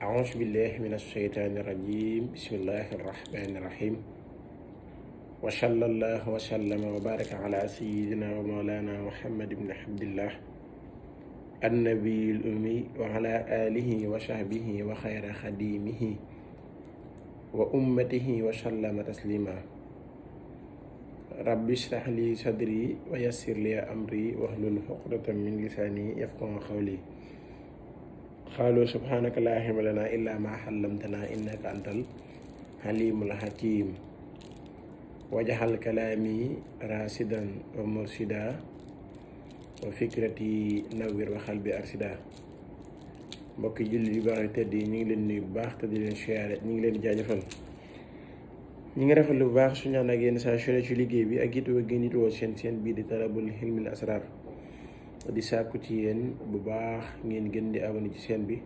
أعوذ بالله من الشيطان الرجيم بسم الله الرحمن الرحيم وصلى الله وسلم وبارك على سيدنا ومولانا محمد بن عبد الله النبي الأمي وعلى آله وصحبه وخير خديمه وأمته وسلم تسليما رب اشرح لي صدري ويسر لي أمري واحلل عقدة من لساني يفقه قولي qaalu subhanaka laa ilma lanaa illaa maa allamtanaa innaka antal xaliimul xakiim wajaxal kalaami raasidan wa mursida wa fikrati nawwir wa xalbi arsida mbokki jullit yu baax yu tedd yi ñu ngi leen nuyu bu baax te di leen siyaare ñu ngi leen jaajëfal ñu ngi rafal bu baax suñu ànd ak yéen saa su ci liggéey bi ak it waa gën it woo seen seen bii di talabul xilmil asrar di sàkku ci yéen bu baax ngeen gën di abonné ci chaîne bi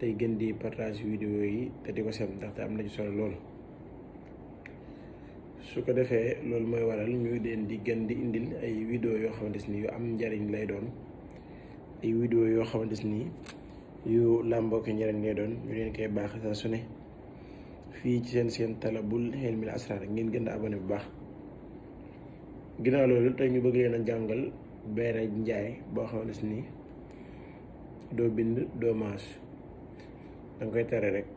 tey gën di partage vidéo yi te di ko seet ndaxte am na ci solo lool su ko defee loolu mooy waral ñu leen di gën di indil ay vidéo yoo xamante ni yu am njariñ lay doon ay vidéo yoo xamante ni yu làmbooke njariñ lay doon ñu leen koy baax saa su ne fii ci seen seen talabul Hilmil Asrar ngeen gën di bu baax ginnaaw loolu tey ñu bëgg leen a jàngal beere njaay boo xam ne si nii doo bind doo maas danga koy tare rek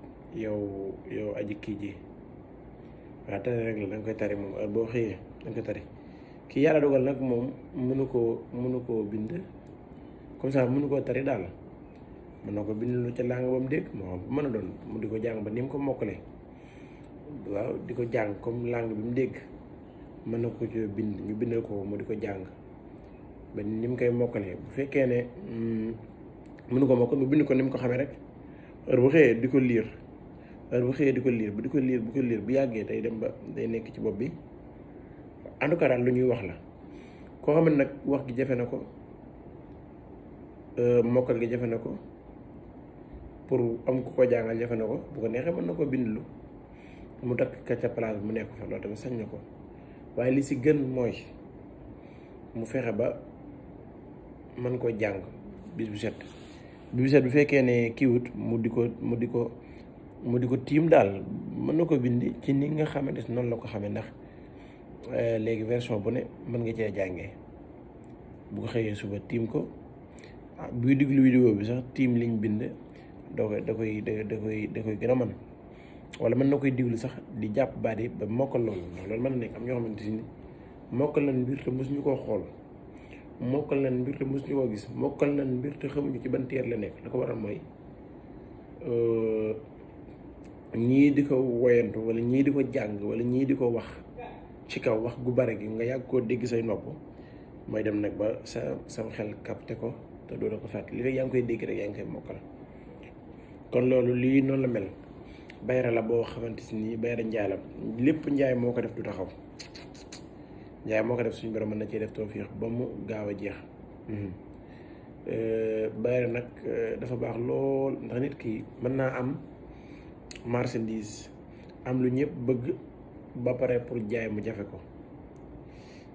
yow yow aji kii ji waaw tare rek la danga koy tare moom boo xëyee danga koy tare ki yàlla dogal nag moom mënu koo mënu koo bind comme ça mënu koo tari daal mën na ko bind lu ca làng ba mu dégg moo xam mën a doon mu di ko jàng ba ni mu ko mokkalee waaw di ko jàng comme làng bi mu dégg mën na ko ci bind ñu bindal ko mu di ko jàng ba ni mu koy mokkalee bu fekkee ne mënu ko mokkal bu bind ko ni mu ko xamee rek heure bu xëyee di ko liir heure bu xëyee di ko liir bu di ko liir bu ko liir bu yàggee day dem ba day nekk ci bopp bi en tout cas daal lu ñuy wax la koo xam ne nag wax gi jafe na ko mokkal gi jafe na ko pour am ku ko jàngal jafe na ko bu ko neexee mën na koo bindlu mu takk ka ca place mu nekk fa loolu tamit sañ na ko waaye li si gën mooy mu fexe ba mën koo jàng bis bu set bu fekkee ne kiiwut mu di ko mu di ko mu di ko tiim daal mën na ko bind ci ni nga xamante ne noonu la ko xamee ndax eh, léegi version bu ne mën nga cee jànge bu ko xëyee suba tiim ko ah, buy diglu vidéo bi sax tiim liñ bind da koy da koy da koy da koy gën a mën wala mën na koy diglu sax di jàpp baat yi ba mokkal loolu loolu mën na nekk am ñoo xamante ni mokkal lan mbir te ñu koo xool mokkal lan mbir te ñu koo gis mokkal nañ mbir te xamuñu ci ban teer la nekk la ko waral mooy euh, ñii di ko woyantu wala ñii di ko jàng wala ñii di ko wax ci kaw wax gu bare gi nga yàgg koo dégg say nopp mooy dem nag ba sa sam xel capté ko te doo da ko fàtte li rek yaa ngi koy dégg rek yaa ngi koy mokkal kon loolu lii noonu la mel bayra la boo xamante si nii bayra njaalam lépp njaay moo ko def du taxaw Njaay moo ko def suñu borom mën na cee def tawfiix ba mu gaaw a jeex hmm. euh, bayre nag euh, dafa baax lool ndax nit kii mën naa am marchandise am lu ñëpp bëgg ba pare pour jaay mu jafe ko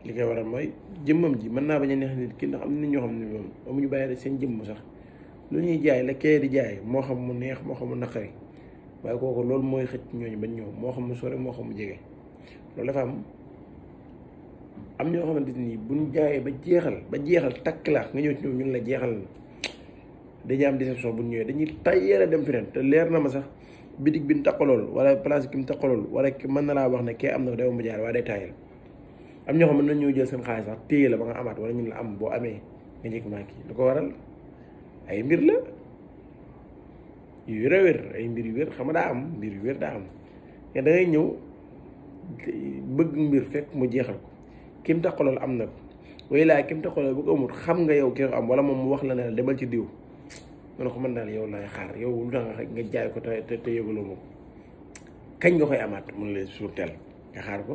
li war waral mooy jëmmam ji mën naa bañ a neex nit ki ndax am na ñoo xam ne moom amuñu bàyyi seen jëmm sax lu ñuy jaay la kee di jaay moo xam mu neex moo xam mu naqari waaye kooku loolu mooy xëcc ñooñu bañ ñëw moo xam mu sore moo xam mu jege loolu dafa am. am ñoo xamante ni buñ jaayee ba jeexal ba jeexal takk laa nga ñëw ci ñu ñun la jeexal dañuy am déception bu ñëwee dañuy tayyeel a dem feneen te leer na ma sax bitig bi mu taxawalool wala place ki mu taxawalool wala mën na laa wax ne kee am na day mu jaar waaye day tayyeel am ñoo xam ne mën nañoo jël seen xaalis sax la ba nga amaat wala ñun la am boo amee nga njëkk maa kii ko waral ay mbir la yu wér a wér ay mbir yu wér xam nga daa am mbir yu wér daa am te da ñëw bëgg mbir fekk mu jeexal ko. kim taxalool am na ko waaye laa kim taxalool bu ko amul xam nga yow ki nga am wala moom mu wax la ne demal ci diw man ko mën daal yow laay xaar yow lu tax nga jaay ko te te yëgaloo ma ko kañ nga koy amaat mun la suur teel nga xaar ko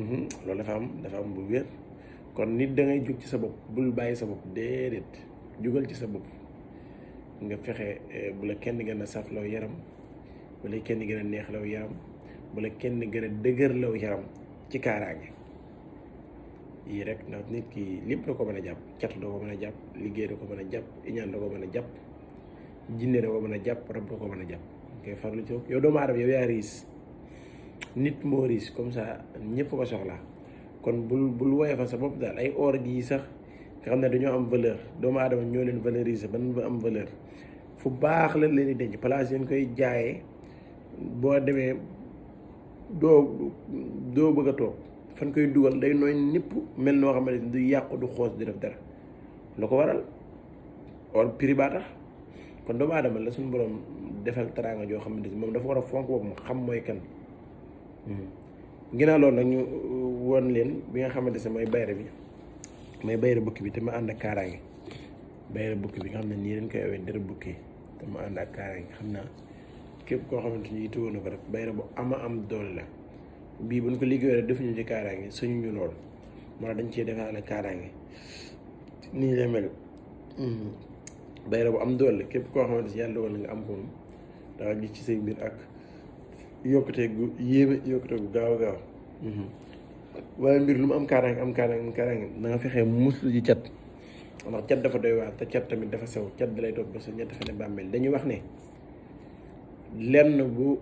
mhm, loolu dafa am dafa am bu wér kon nit dangay ngay jóg ci sa bopp bul bàyyi sa bopp déedéet jugal ci sa bopp nga fexe eh, bu la kenn gën a saflaw yaram bu la kenn gën a neexlaw yaram bu la kenn gën a law yaram ci kaaraange yii rek ndax nit kii lépp da ko mën a jàpp cat da jàpp liggéey da ko mën a jàpp iñaan da ko mën a jàpp jinne da ko mën a jàpp rab da ko mën a jàpp ngay farlu ci yow doomu aadama yow yaa riis nit moo riis comme ça ñëpp ko soxla kon bul bul woye fa sa bopp daal ay or gi sax nga xam ne dañoo am valeur doomu aadama ñoo leen valoriser ban ba am valeur fu baax la leen di denc place yéen koy jaayee boo demee doo doo bëgg a toog fan koy dugal day nooy népp mel noo xamante ne du yàqu du xoos di def dara lu ko waral or piri baa tax kon doomu aadama la suñu borom defal teraanga joo xamante ni moom dafa war a fonk boobu xam mooy kan hmm. ginnaaw loolu nag ñu uh, woon leen bi nga xamante ne mooy bayre bi mooy bayre bukki bi te ma ànd ak kaaraange bayre bukki bi nga xam ne nii leen koy awee dara bukki te ma ànd ak kaaraange xam naa képp koo xamante ni yittewoo na ko rek bay na ama am doole la bii buñ ko liggéeyoo rek defuñu ci kaaraange suñu ñu lool moo dañ cee defaale kaaraange nii lay mel hmm. bu am doole la képp koo xamante ni yàlla dogal na am ko moom ci say mbir ak yokkute gu yéeme yokkute gu gaaw a gaaw hmm. waaye mbir lu mu am kaaraange am kaaraange am kaaraange na nga fexee muslu ji cat ndax cat dafa doy waar te cat tamit dafa sew cat da lay topp ba sa ñett fa dañuy wax ne lenn bu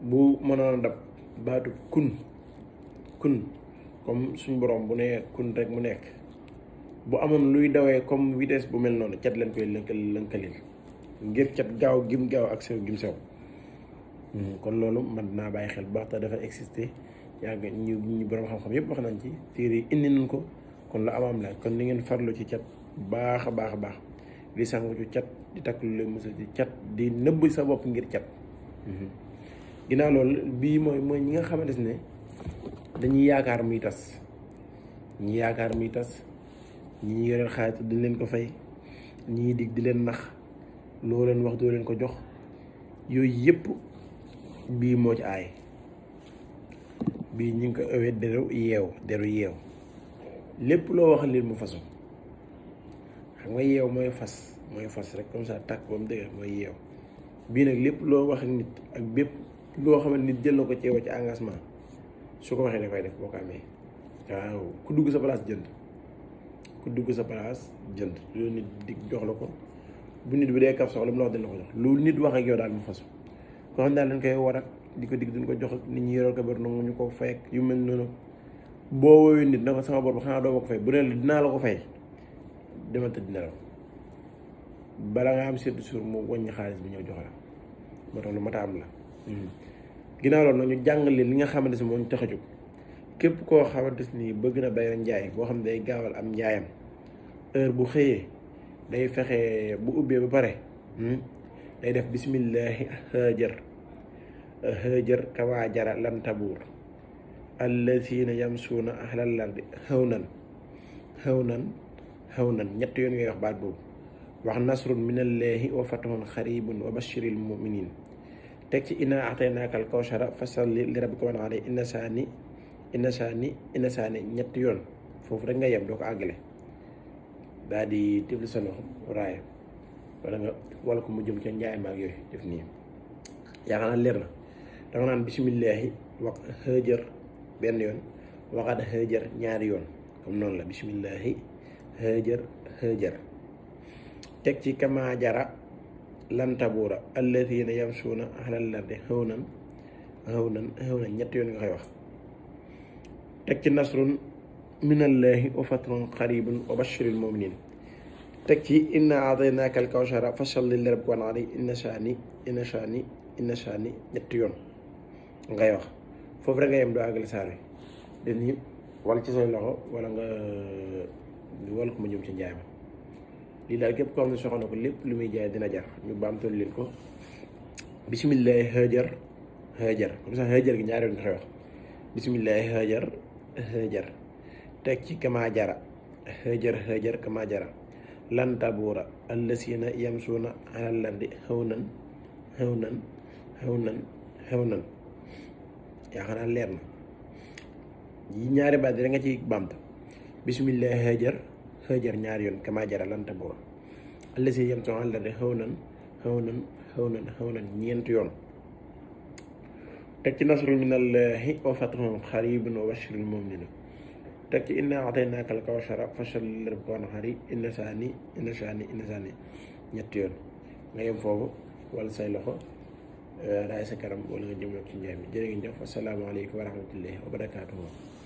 bu mënoon a dab baatu kun kun comme suñu borom bu nee kun rek mu nekk bu amoon luy dawee comme vitesse bu mel noonu cat leen koy lënkal lënkalil ngir cat gaaw gim gaaw ak sew gim sew hmm, kon loolu man naa bàyyi xel bu baax te dafa existé yàgg ñu ñu boroom xam-xam yëpp wax nañ ci téere yi indi nañ ko kon lu amaam la kon ni ngeen farlu ci cat baax a baax a baax di sangu ci cat di takk lu leen musal ci cat di nëbb sa bopp ngir cat Mm-hmm. ginnaaw loolu bii mooy mooy ñi nga xamante ne dañuy yaakaar muy tas ñi yaakaar muy tas ñi ñu yoreel xaalis di leen ko fay ñii digg di leen nax loo leen wax doo leen ko jox yooyu yëpp bii moo ci aay bii ñu ngi ko ewee deru yeew deru yeew lépp loo wax leen mu fasu xam nga yeew mooy fas mooy fas rek comme saa tàkk ba mu dëgër mooy yeew bii nag lépp loo wax nit ak bépp loo xam ne nit jël na ko ceew yow ci engagement su ko waxee dafay def boo ko amee waaw ku dugg sa place jënd ku dugg sa place jënd loolu nit di jox la ko bu nit bu dee kaf soxla mu la wax dina ko jox loolu nit wax ak yow daal mu fasu ko xam daal koy war ak di ko digg duñ ko jox ak nit ñi yoroo ko bari nangu ñu ko fay yu mel noonu boo woowee nit na ko sama bor ba xanaa doo ko fay bu ne la dinaa la ko fay demal tëdd nelaw bala nga am seddu suur mu wàññi xaalis bi ñëw jox la moo tax lu mat a am la hmm. ginnaaw loolu nañu jàngale li nga xamante si moo ñu tax a jóg képp koo xamante ni bëgg na bay njaay boo xam ne day gaawal am njaayam heure bu xëyee day fexe bu ubbee ba pare hmm, day def bismillahi hëjër hëjër kamaa jara lam tabuur allazina yamsuuna ahlal ardi xëw nan xëw nan xëw nan ñett yoon ngay wax baat boobu wax nasrun minallaahi wa fatahun xaribun wa bashiril muminin teg ci inna ataynaaka al kawsara fasalli li rabbika wanhar inna saani inna saani inna saani ñetti yoon foofu rek nga yem doo ko àggale daal di tifli sa loxo raaya wala ko mu jëm ca njaay maag yooyu def nii yaakaar naa leer na danga naan bisimilahi wax xëjër benn yoon waxaat xëjër ñaari yoon comme noonu la bisimilahi xëjër xëjër تكتي كما جرى لن تبورا الذين يمشون على الارض هونا هونا هونا نيت يون غاي واخ تكتي نصر من الله وفتر قريب وبشر المؤمنين تكتي ان اعطيناك الكوثر فصل للرب وان علي ان شاني ان شاني ان شاني نيت يون غاي واخ فوف رغا يم دو اغل ساري دني wala ci say loxo wala nga wala ko ma ñëw ci njaay lii daal képp ko xam ne soxla na ko lépp lu muy jaay dina jar ñu baamtal leen ko bisimilahi hëjar hëjar comme ça hëjar gi teg ci kama jara hëjar hëjar kama jara lan tabuura allasina yamsuuna alal lardi xawnan xawnan xawnan xawnan yaa xanaa leer na yi ñaari baat da nga ci bamta bisimilahi hëjar هجر نعيون كما جرى لانتبو اللسي يمتو على هونن هونن هونن هونن نينتيون تكي نصر من الله وفتهم خريب وبشر المؤمنين تكي إنا أعطيناك الكوشر فشل لربكوان خري إن ساني إن ساني إن ساني نيتيون غيب فوق والسيلخو رأي سكرم ولغن جمعك جامي جرين جمع السلام عليكم ورحمة الله وبركاته